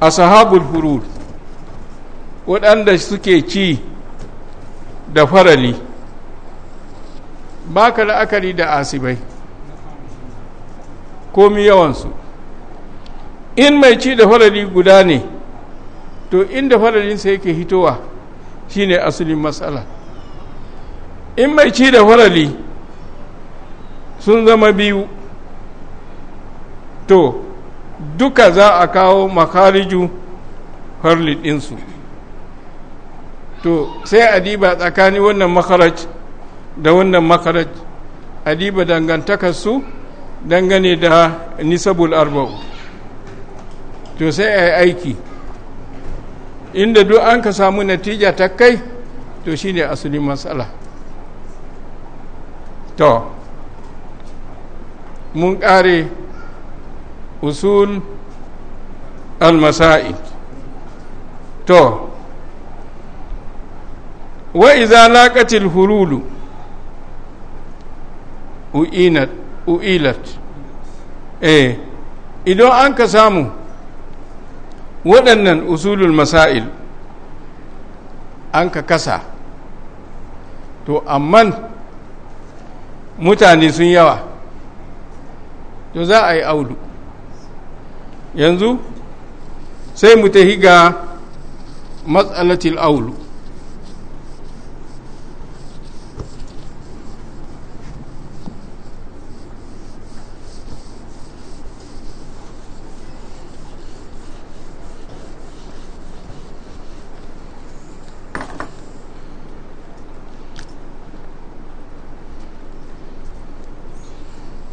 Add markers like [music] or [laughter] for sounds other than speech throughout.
ashabul hurur waɗanda suke ci da farali ba ka la'akari da asibai komi yawansu in mai ci da farali guda ne to inda faralinsa yake hitowa shine asalin matsala in mai ci da farali sun zama biyu to duka za a kawo makariju harli ɗinsu to sai adiba tsakanin wannan makaraj da wannan makaraj adiba dangantakarsu dangane da nisabul arba'u to sai a yi aiki inda duk an ka samu natija ta kai to shine asali matsala to mun ƙare usul al to wa iza laqatil hululu u'inat u'ilat eh idan an ka samu waɗannan usulul masail an ka kasa to amma mutane sun yawa to za a yi aulu yanzu sai mu tafi ga matsalatil aulu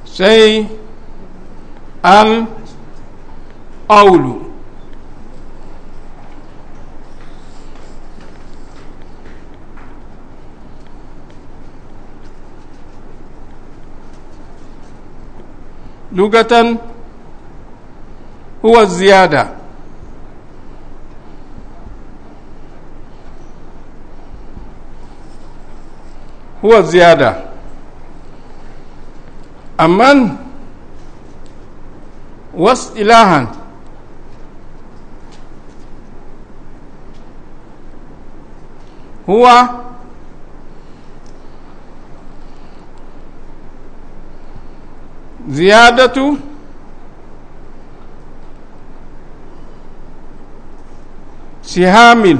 sai al aulu lugatan huwa ziyada huwa ziyada amma wasu ilahan huwa ziyadatu sihamin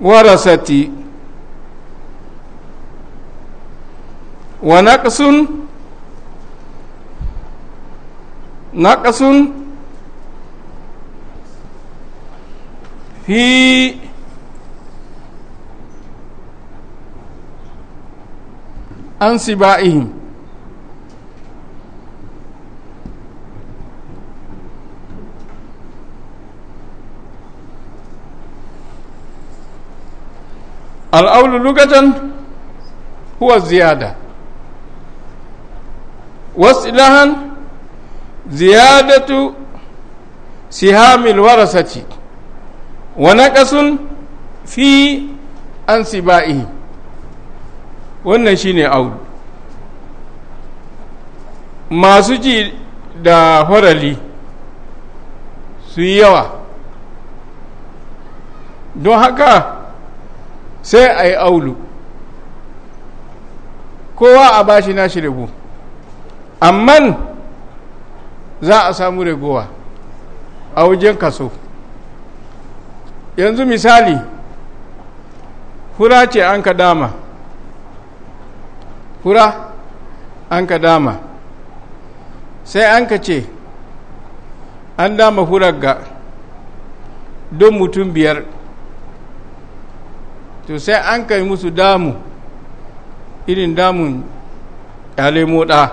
warasati wa naqsun naqsun fi an siba'ihim al'aulu lugatan huwa ziyada wasu ilahan ziyadatu sihamil warasati wa naqasun fi ansiba'ihi wannan shine audu masu ji da horali su yi yawa don haka sai a yi aulu kowa a bashi na shi rabo amman za a samu ragowa a wajen kaso yanzu misali hura ce an ka dama hura an ka dama sai an ka ce an dama furar ga don mutum biyar to sai an kai musu damu irin damun ƙyale moɗa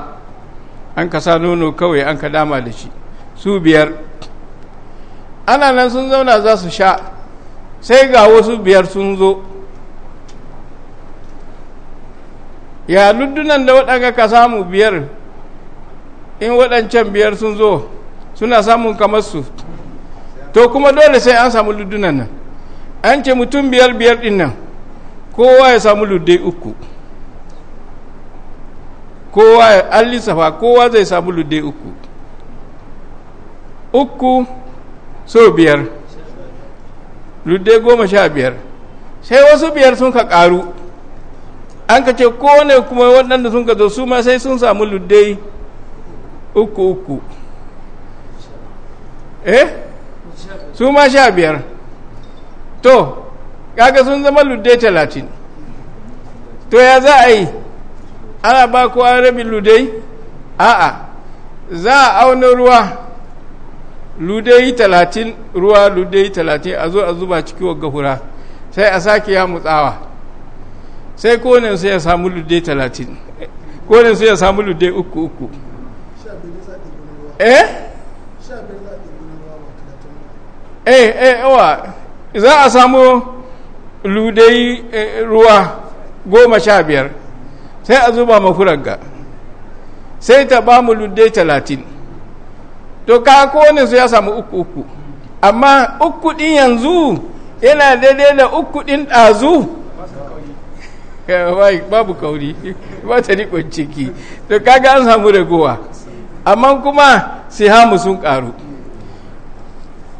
an ka sa nono kawai an ka dama da shi su biyar ana nan sun zauna za su sha sai ga wasu biyar sun zo ya luddunan da waɗanga ka samu biyar in waɗancan biyar sun zo suna samun kamar su to kuma dole sai an samu luddunan nan an ce mutum biyar biyar din nan kowa ya samu luddai uku kowa ya an kowa zai samu luddai uku uku so biyar dai goma sha biyar sai wasu biyar sun ka karu an ka ce kone kuma waɗanda sun ka zo su ma sai sun samu luddai uku uku eh su ma sha biyar to kaga sun zama luddai talatin to ya za a yi ana ba kowa rabin luddai a'a za a auna ruwa ludai talatin ruwa ludai talatin a zo a zuba ciki wa gahura sai a sake ya mutsawa sai konin su ya samu ludai talatin konin su ya samu ludai uku uku eh eh eh wa za a samu ludai eh, ruwa goma sha biyar sai a zuba mafuranga sai ta ba mu ludai talatin to ka kowane su ya samu uku uku amma uku din yanzu yana daidai da uku din ɗazu [laughs] babu kauri [laughs] ba ta rikon ciki to kaga an samu ragowa amma kuma hamu sun ƙaru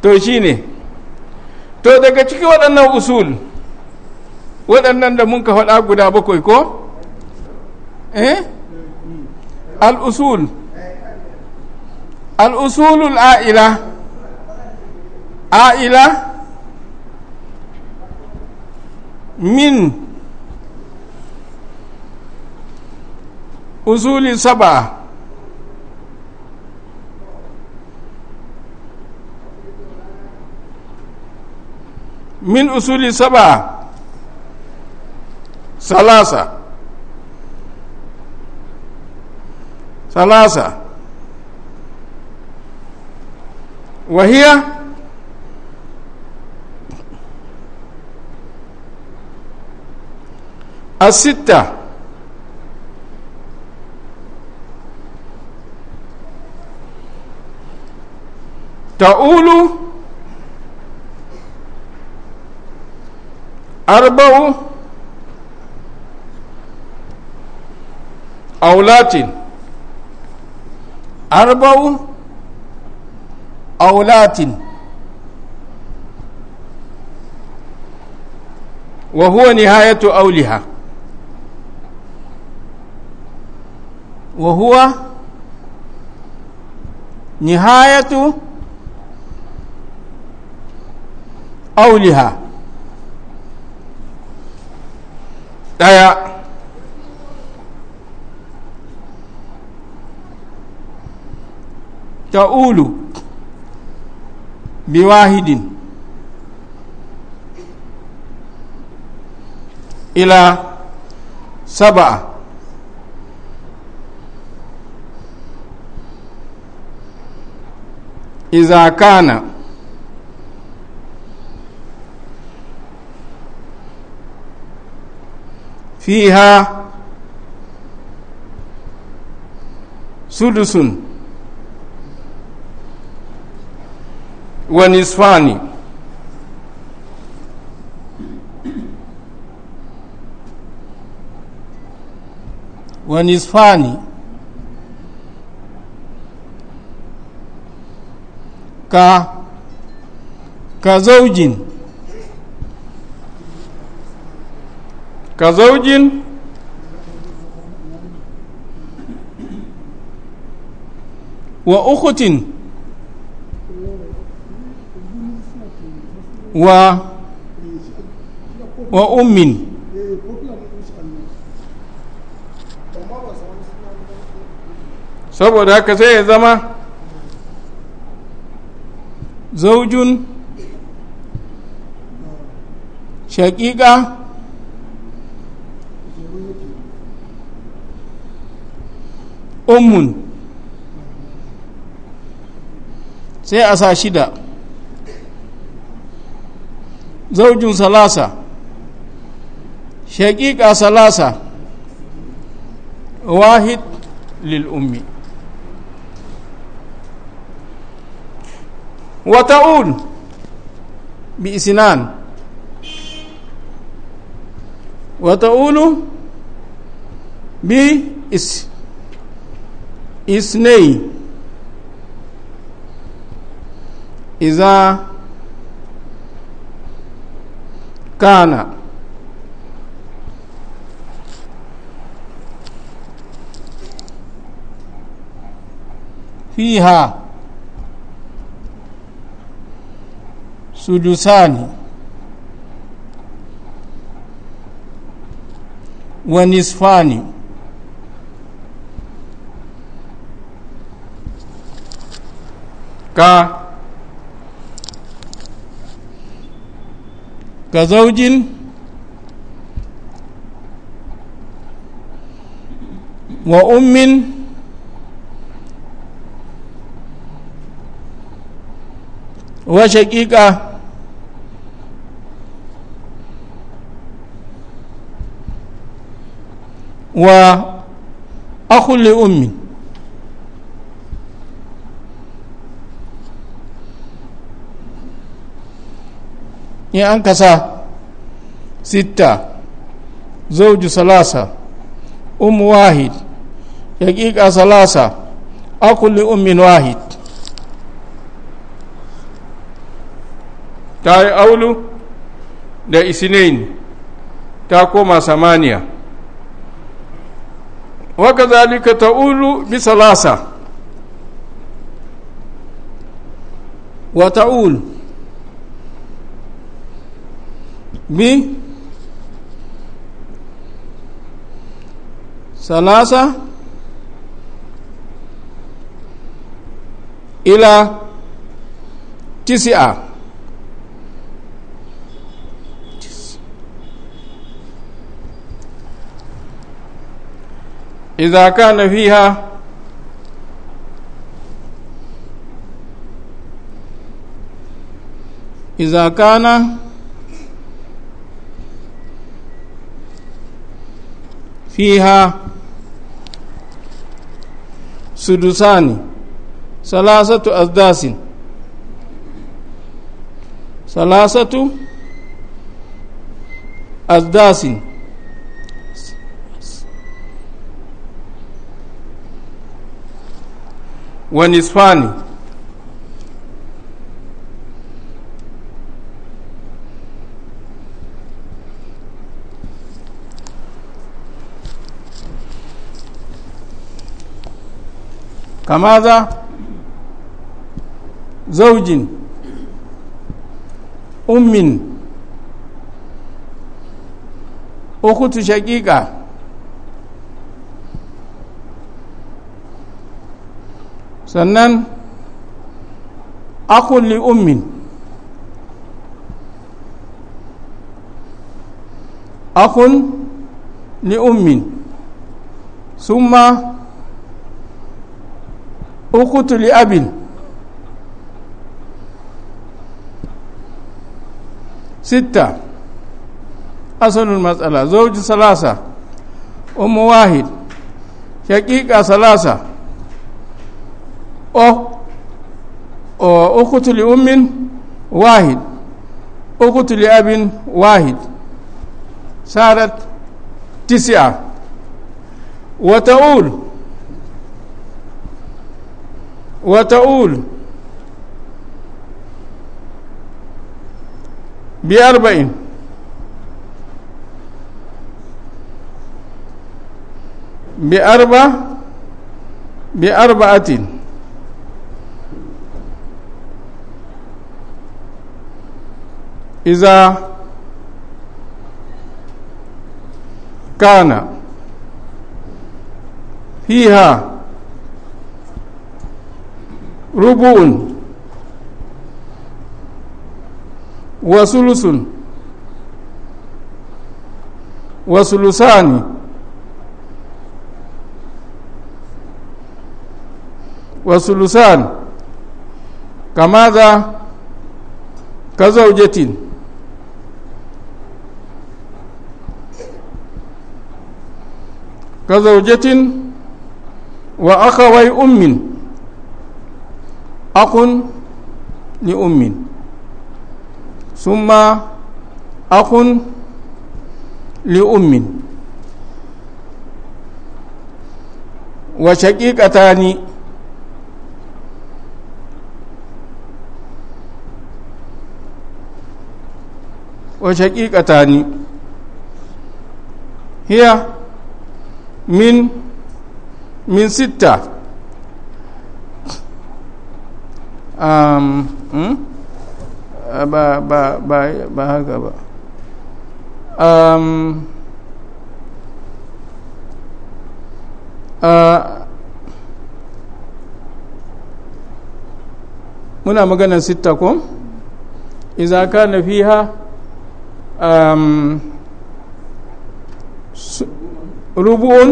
to shi ne to daga ciki waɗannan usul waɗannan da mun ka faɗa guda bakwai ko eh al-usul الأصول العائلة عائلة من أصول سبعة من أصول سبعة ثلاثة ثلاثة وهي الستة تؤول أربع أولات أربع أولات وهو نهاية أولها وهو نهاية أولها دايا ta'ulu biwahidin ila saba'a iza kana fiha sudusun ونصفان ونصفان ك كزوج كزوج وأخت wa wa ummin saboda haka sai ya zama zaujun shaƙiƙa ummun sai a sa shida زوج ثلاثة شقيق ثلاثة واحد للأم وتؤول بإسنان وتؤول بإس إسني إذا kana fiha sudusani wa nisfani ka ka zaujin wa ummin wa shaƙiƙa wa akuli ummin in an kasa sitta zauju salasa umu wahid yaƙiƙa salasa akulli ummin wahid ta yi aulu da isinain ta koma samaniya waka zalika ta ulu bi salasa wa ulu bi salasa ila tisia إذا كان فيها إذا kana fiha sudusani salasatu azdasin salasatu azdasin wa kamaza zaujin ummin okutu shakika sannan akulli ummin akun li ummin sun ma أخت لأب ستة أصل المسألة زوج ثلاثة أم واحد شقيقة ثلاثة أو أخت لأم واحد أخت لأب واحد صارت تسعة وتقول وتؤول بأربع بأربع بأربعة إذا كان فيها rubu'un wasulusun wasulusani wa sulusani wa kamaza ka zaujatin ka zaujatin wa akawai ummin akun li ummin summa akun li ummin wa shaqiqatani wa shaqiqatani hiya min min sitta Um, hmm? uh, ba haka ba um, uh, muna maganar sitta ko iza kana fiha um, rubu'un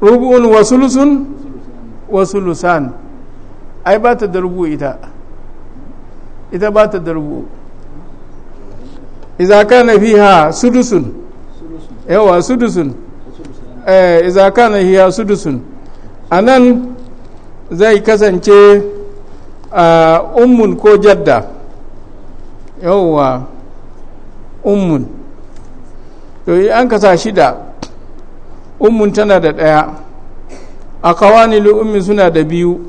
rubu'un wasulusun wasulusan ai ba ta da ita ita ba ta da rubu iza kana fiha sudusun yawa sudusun eh iza kana fiha sudusun anan zai kasance a ah, ummun ko jadda yawa ummun to an kasa shida ummun tana da ɗaya a kawani ummi suna da biyu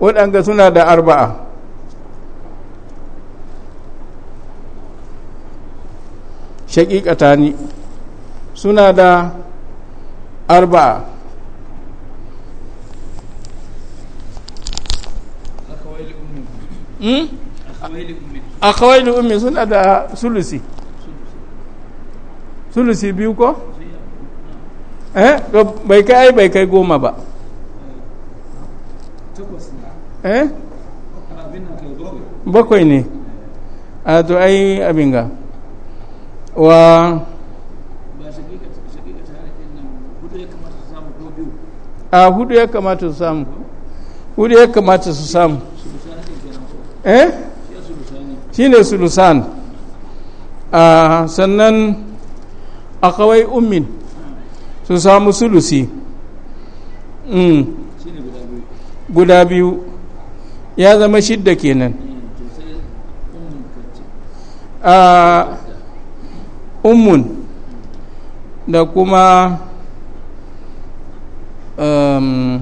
waɗanda suna da arba'a shaƙiƙatani suna da arba'a hmm? a kawai ummi suna da sulusi sulusi biyu ko? eh bai kai bai kai goma ba takwas eh bakwai ne a to ai abin ga wa a hudu ya kamata su samu hudu ya kamata su samu eh shi ne sulusan a sannan a kawai ummin su samu sulusi hmm. guda biyu ya zama shidda kenan a ummun da kuma um,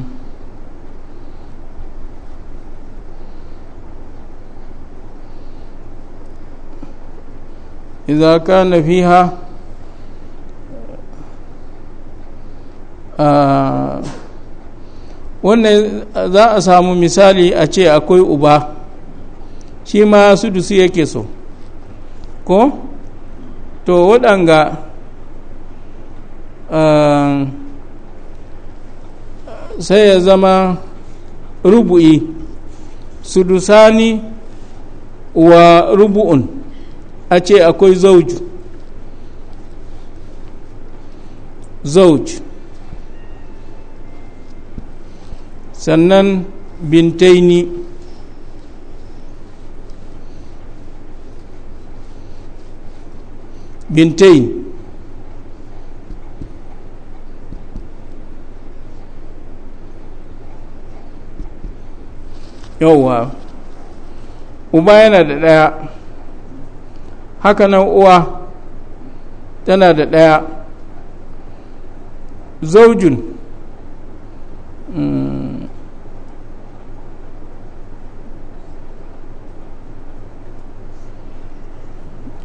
إذا كان فيها آه wannan za a samu misali a ce akwai uba shi ma sudusu yake so ko to waɗanga um, sai ya zama rubu'i sudusani wa rubu'un a ce akwai zauju zauju sannan bintaini bintain yauwa uba yana da ɗaya haka nan uwa tana da ɗaya zaujin mm.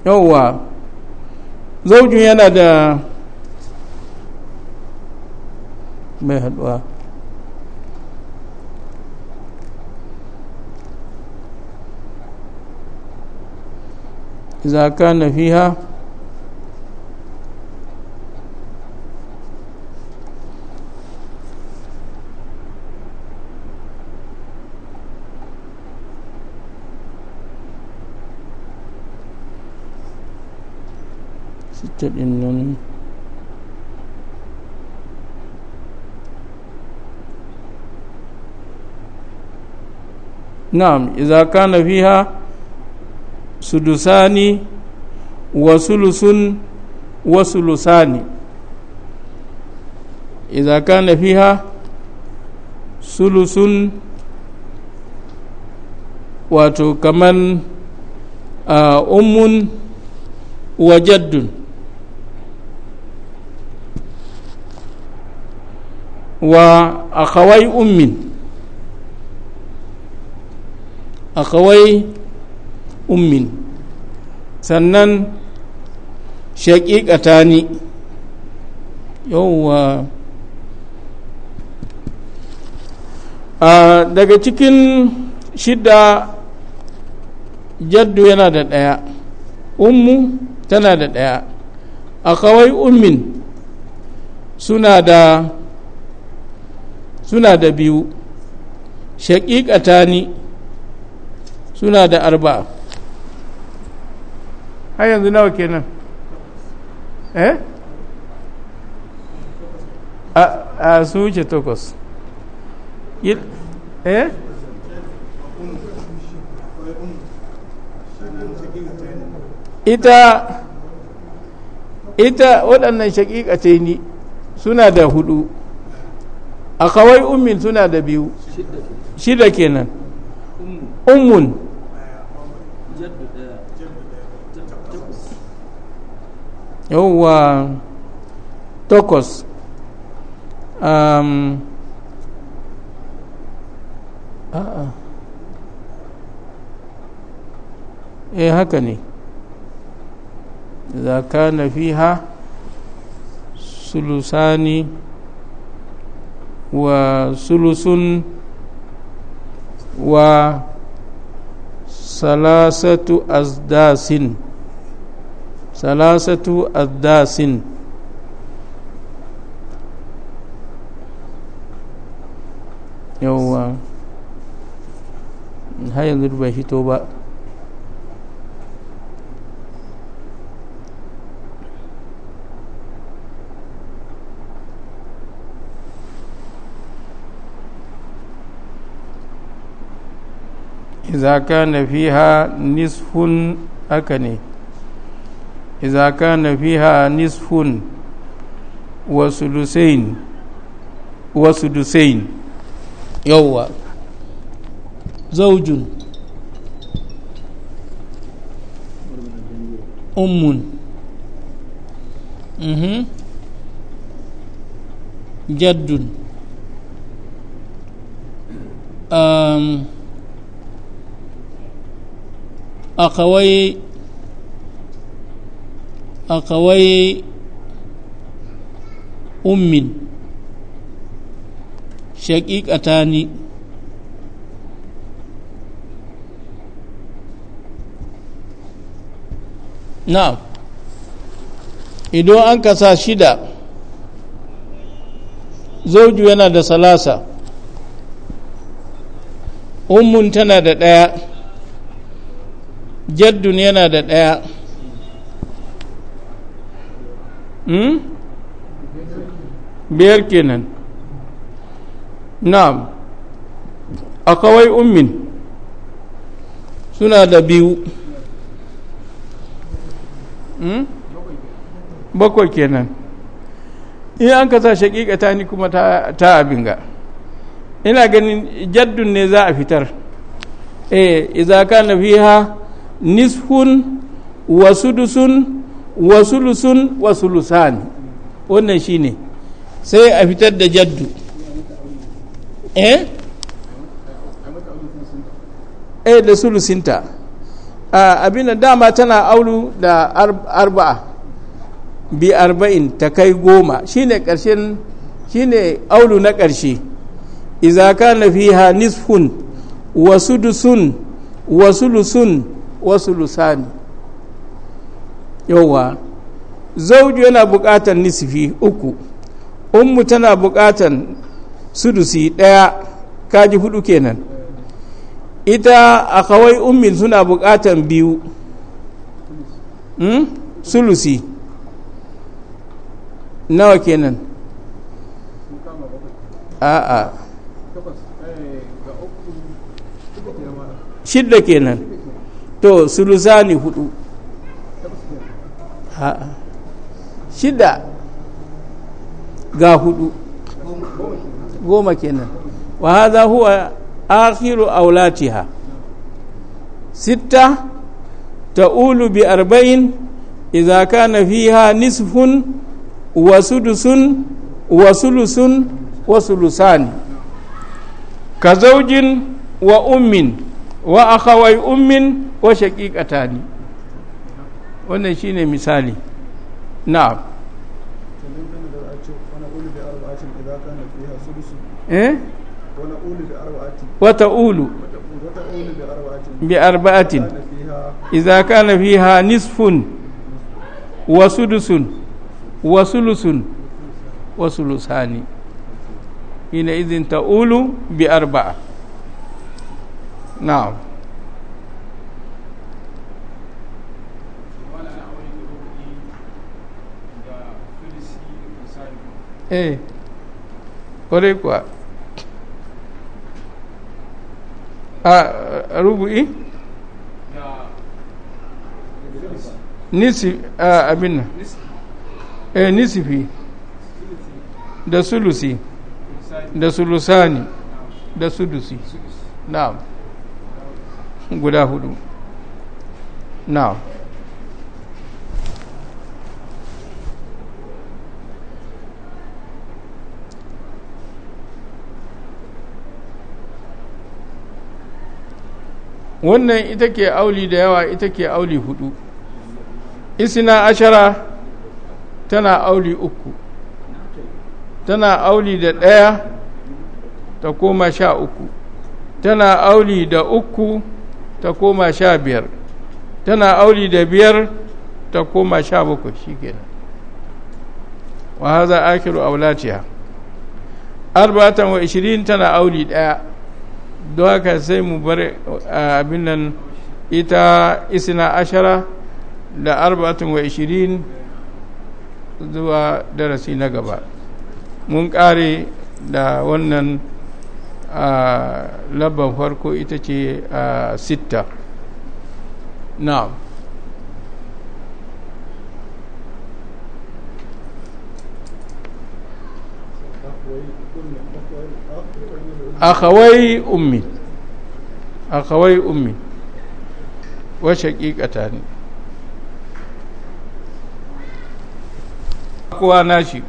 yauwa zaujin yana da mai haduwa إذا كان فيها na'am idza kana fiha sudusani wa sulusun wa sulusani idza kana fiha sulusun wato kaman ah, ummun wa jaddun wa akawai ummin akawai ummin sannan shaƙiƙata ni yauwa daga cikin shidda jaddu yana da ɗaya ummu tana da ɗaya akawai ummin suna da suna da biyu shaƙiƙatani suna da arba'a har yanzu nawa kenan eh a su wuce takwas eh ita ita waɗannan shaƙiƙatai suna da hudu a kawai ummin suna da biyu shida kenan ummun yawwa takwas um, haka ne zaka ka na fi ha sulusani وثلث وثلاثة أسداس ثلاثة أسداس يوه har yanzu bai fito ba izaka na fiha nisfun aka ne izaka na fiha nisfun wasu dutsen yawwa. Zaujin. Ummun. Jaddun. akawai akawai ummin shaƙiƙatani na idan an shida zauju yana da salasa ummun tana da ɗaya jaddun yana da ɗaya hmm? biyar kenan na'am a kawai ummin suna da biyu hmm? bakwai kenan in an ka sa shaƙiƙa ta ni kuma ta abin ga ina ganin jaddun ne za a fitar eh iza kana fiha nisfun wa sudusun wa sulusun wasu sulusan wannan shine sai a fitar da jaddu eh, eh da sulusinta abin da dama tana aulu da arba'a bi arba'in ta kai goma shine karshen shine aulu na karshe iza kana fiha nisfun wa sudusun wa sulusun wasu lusani yauwa zauju yana buƙatar nisfi uku ummu tana buƙatar sudusi ɗaya kaji hudu kenan ita a kawai ummin suna buƙatar biyu hmm, sulusi nawa kenan a'a eh, shidda kenan to sulusani hudu shida ga hudu goma kenan wa haza huwa akhiru aulatiha sitta ta'ulu bi arba'in idza kana fiha nisfun wa sudusun wa sulusun wa sulusani ka zaujin wa ummin wa akhawai ummin ko shaƙiƙata ne wannan shi ne misali na eh wata ulu bi arba'atin idza kana fiha nisfun wa sudusun wa sulusun wa sulusani ina idin ulu bi arba'a na'am eh kwarai kuwa a rubu'i Nisi. a abin nan eh nisifi da sulusi da sulusani da sudusi na'am guda hudu na'am wannan ita ke auli da yawa ita ke auli hudu isina ashara tana auli uku tana auli da ɗaya ta koma sha uku tana auli da uku ta koma sha biyar tana auli da biyar ta koma sha bakwai shi kenan wa haza akiru aulatiya arba'atan wa ishirin tana auli ɗaya don haka sai mu bar abin nan ita isna ashara da arba'atun wa ishirin zuwa darasi na gaba mun kare da wannan labban farko ita ce sitta na'am akhawai ummi akhawai ummi wa shaqiqata ne kowa nashi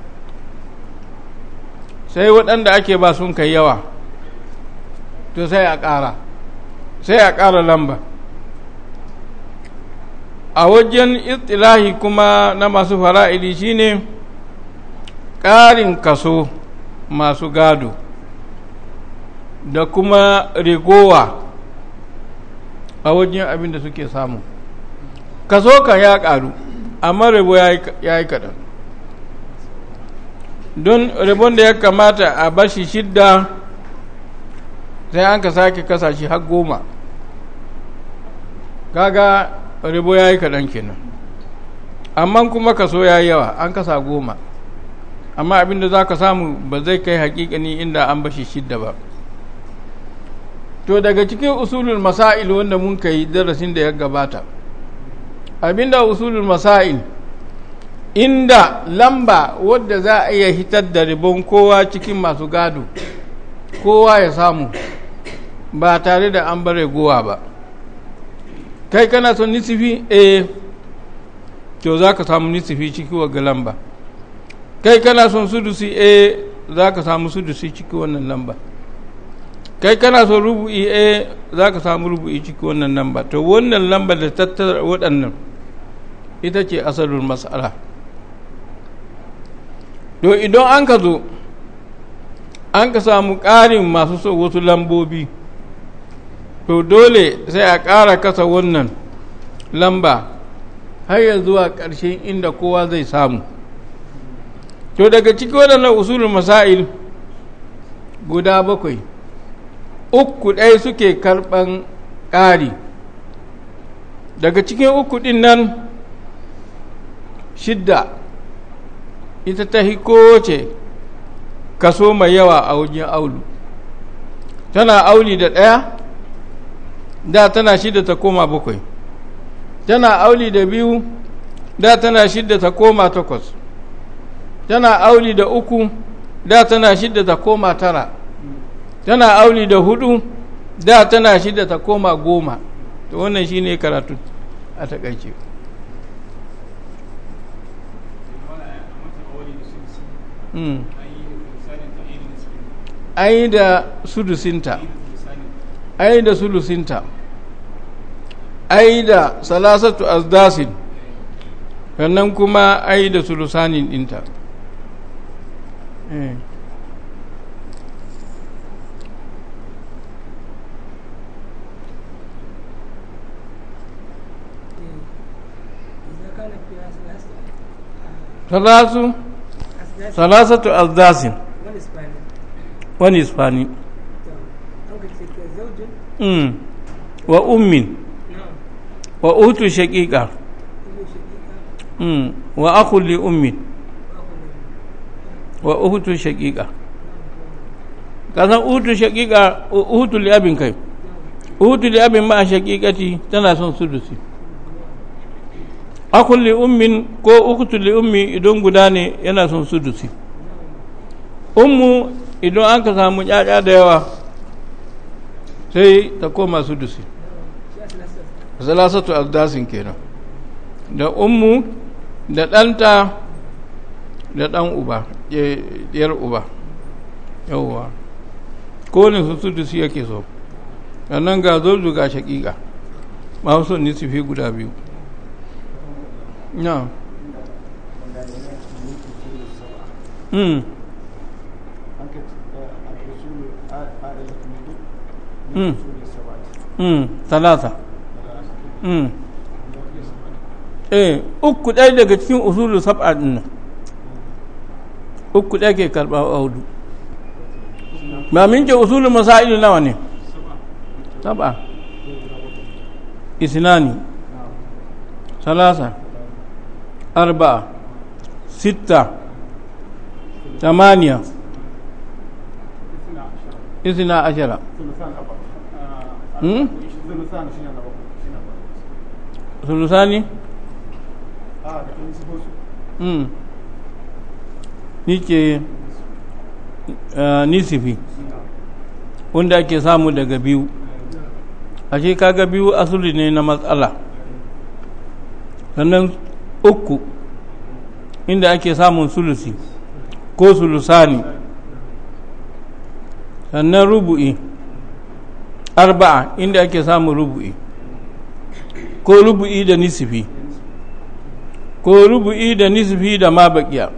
sai waɗanda ake ba sun kai yawa to sai a ƙara sai a ƙara lamba a wajen istilahi kuma na masu fara'idi shine ƙarin kaso masu gado da kuma rigowa a wajen abin da suke samu kaso kan ya karu amma rabo ya yi kaɗan don rabon da ya kamata a bashi shidda sai an ka sake kasashe har goma kaga rabo ya yi kaɗan kenan amma kuma kaso ya yi yawa an kasa goma amma abin da za ka samu ba zai kai hakikani inda an bashi shidda ba to daga cikin usulul masail wanda mun kai darasin da ya gabata abinda usulul masail inda lamba wadda za a iya hitar da ribon kowa cikin masu gado kowa ya samu ba tare da an bare gowa ba kai kana son nisifi eh to za ka samu nisifi ciki wa lamba kai kana son sudusi eh za ka samu sudusi ciki wannan lamba kai kana son rubu'i a eh, za ka samu rubu'i ciki wannan lamba to wannan lamba da tattara waɗannan ita ce asalin matsala to idan an ka zo an ka samu ƙarin masu so wasu lambobi to dole sai a ƙara kasa wannan lamba har yanzu zuwa ƙarshen inda kowa zai samu to daga ciki waɗannan usulun masail guda bakwai uku ɗaya suke karɓan ƙari daga cikin uku ɗin nan shidda ita ta kowace kaso mai yawa a wajen aulu tana auli da ɗaya da tana shidda ta koma bakwai tana auli da biyu da tana shidda ta koma takwas tana auli da uku da tana shidda ta koma tara tana auli da hudu da tana shida ta koma goma to wannan shi ne karatu a takaice hmm. ai da sudusinta ai da sulusinta ai da salasatu azdasin sannan kuma ai da sulusanin dinta eh. ثلاث ثلاثة أزداس ونصفان وأم وأوت شقيقة وأخ wa وأوت mm. ummin wa utu shakika utu li abin kai utu li ma a shakikati tana son sudusi akun li ummin ko uktu li ummi idan guda ne yana son sudusi ummu idan an ka samu ƴaƴa da yawa sai ta koma sudusi salasatu aldasin kenan da ummu da ɗanta da ɗan uba ɗiyar uba yawwa sun su sudusi yake so sannan ga zo ga shaƙiƙa masu son nisifi guda biyu na'am mm mm mm talata mm eh daga cikin usulul sab'a din nan uku ɗaya ke karɓa Audu ma min ce usulul masail nawa ne sab'a isnani salasa أربعة ستة ثمانية اثنا عشر ثلثان نيكي nisifi wanda ake samu daga biyu a kaga biyu asuli ne na matsala sannan uku inda ake samun sulusi ko sulusani sannan rubu'i arba'a inda ake samun rubu'i ko rubu'i da nisifi ko rubu'i da nisifi da ma bakiya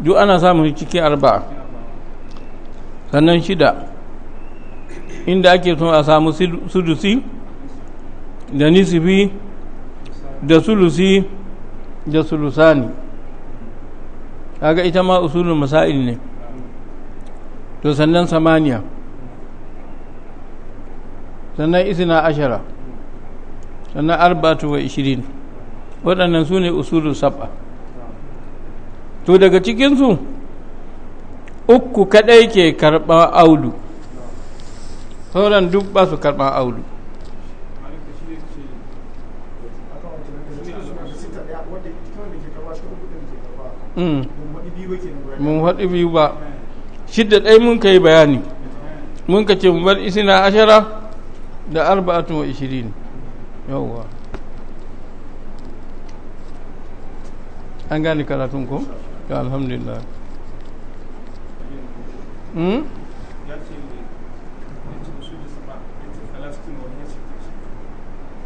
duk ana samun ciki arba'a sannan shida inda ake son a samu sudusi da nisifi da sulusi da sulusani kaga ita ma usulun masail ne to sannan samaniya sannan isina ashara sannan arbatu wa ishirin waɗannan su ne usulun sab'a to daga cikinsu uku kaɗai ke karɓar audu sauran duk ba su karɓar audu Mm. mun haɗu biyu ba shidda ɗai mun ka yi bayani mun ka ce bar isina ashara da arba'atun wa ishirin yawwa an gane karatun ko? ya alhamdulillah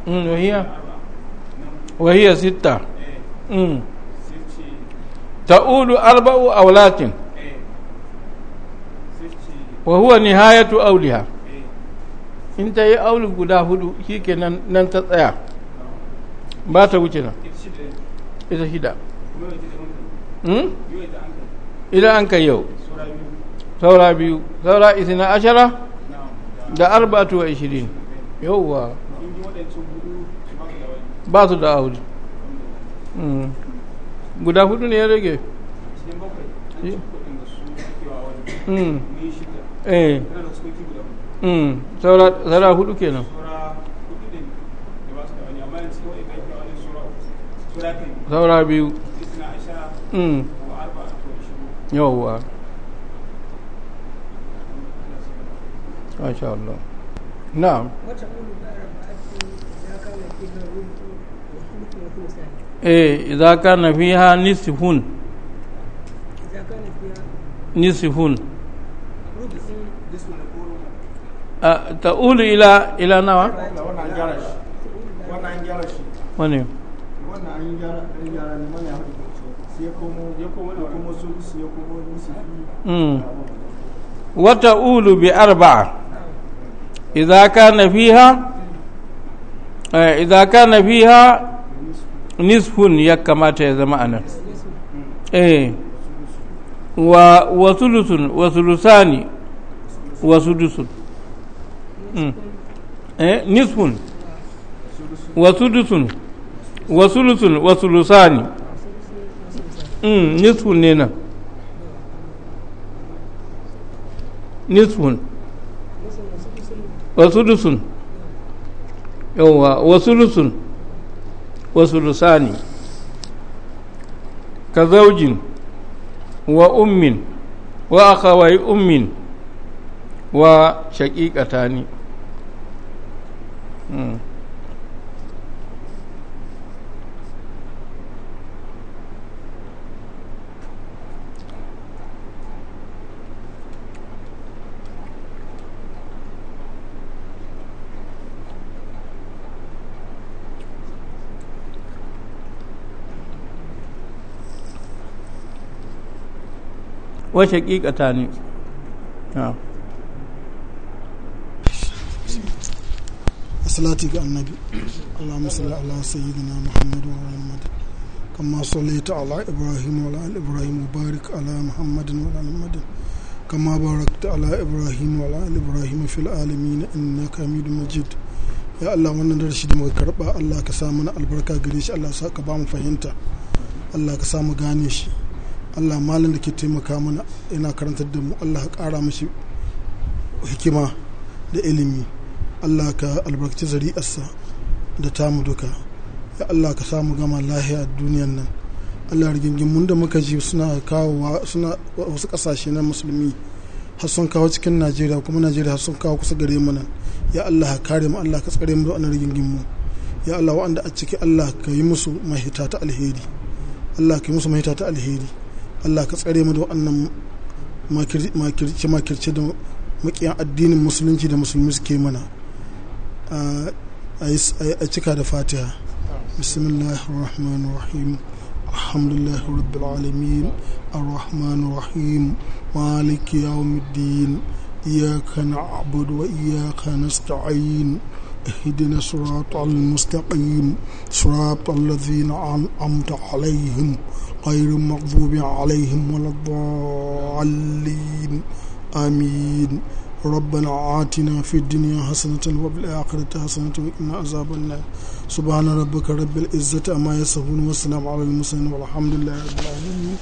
وهي وهي ستة ta'ulu arba'u aulatin wa huwa nihayatu auliha in ta yi aulin guda hudu shi ke nan ta tsaya ba ta wuce nan ita shida idan an kai yau saura biyu saura isina ashara da arba'atu wa ishirin yauwa ba su da aure guda hudu ne ya rage saura hudu kenan saura biyu hmm. yawwa masha Allah na'am eh idza kana fiha nisfun nisfun ta'ulu ila nawa wani wata ulu bi arba'a idza kana fiha idza nisfun ya kamata ya zama anan eh wa wasulusun wasulusani wasudusun hmm. eh nisfun wasudusun wasulusun wasulusani hmm, nisfun ne nan nisfun wasudusun yawwa wasulusun wasu lusani ka zaujin wa ummin wa akawai ummin wa shaƙiƙata ne hmm. wace kikata ne salati ga annabi allahumma salli ala sayyidina muhammad wa ala muhammad kama sallaita ala ibrahim wa ala ibrahim wa barik ala muhammad wa ala muhammad kama barakta ala ibrahim wa ala ibrahim fil alamin innaka hamidum majid ya allah wannan darshi da muka karba allah ka sa mana albarka gare shi allah sa ka ba mu fahimta allah ka sa mu gane shi Allah malin da ke taimaka mana yana karantar da mu Allah ƙara mashi hikima da ilimi Allah ka albarkaci zari'arsa da tamu duka ya Allah ka samu gama lahiya duniyan nan Allah rigingimun da muka ji suna kawo suna wasu ƙasashe na musulmi har sun kawo cikin Najeriya kuma Najeriya har sun kawo kusa gare mu nan ya Allah kare mu Allah ka tsare mu da wannan rigingimu ya Allah wanda a ciki Allah ka yi musu mahita ta alheri Allah ka yi musu mahita ta alheri Allah ka tsare mu da waɗannan makirce makirce da makiyan addinin musulunci da musulmi suke mana a cika da fatiha bismillahir rahmanir rahim alhamdulillah rabbil alamin arrahmanir rahim maliki yawmiddin iyyaka na'budu wa iyyaka nasta'in اهدنا الصراط المستقيم صراط الذين أنعمت عليهم غير المغضوب عليهم ولا الضالين آمين ربنا آتنا في الدنيا حسنة وفي الآخرة حسنة وانا عذاب النار سبحان ربك رب العزة أما يصفون وسلام على المرسلين والحمد لله رب العالمين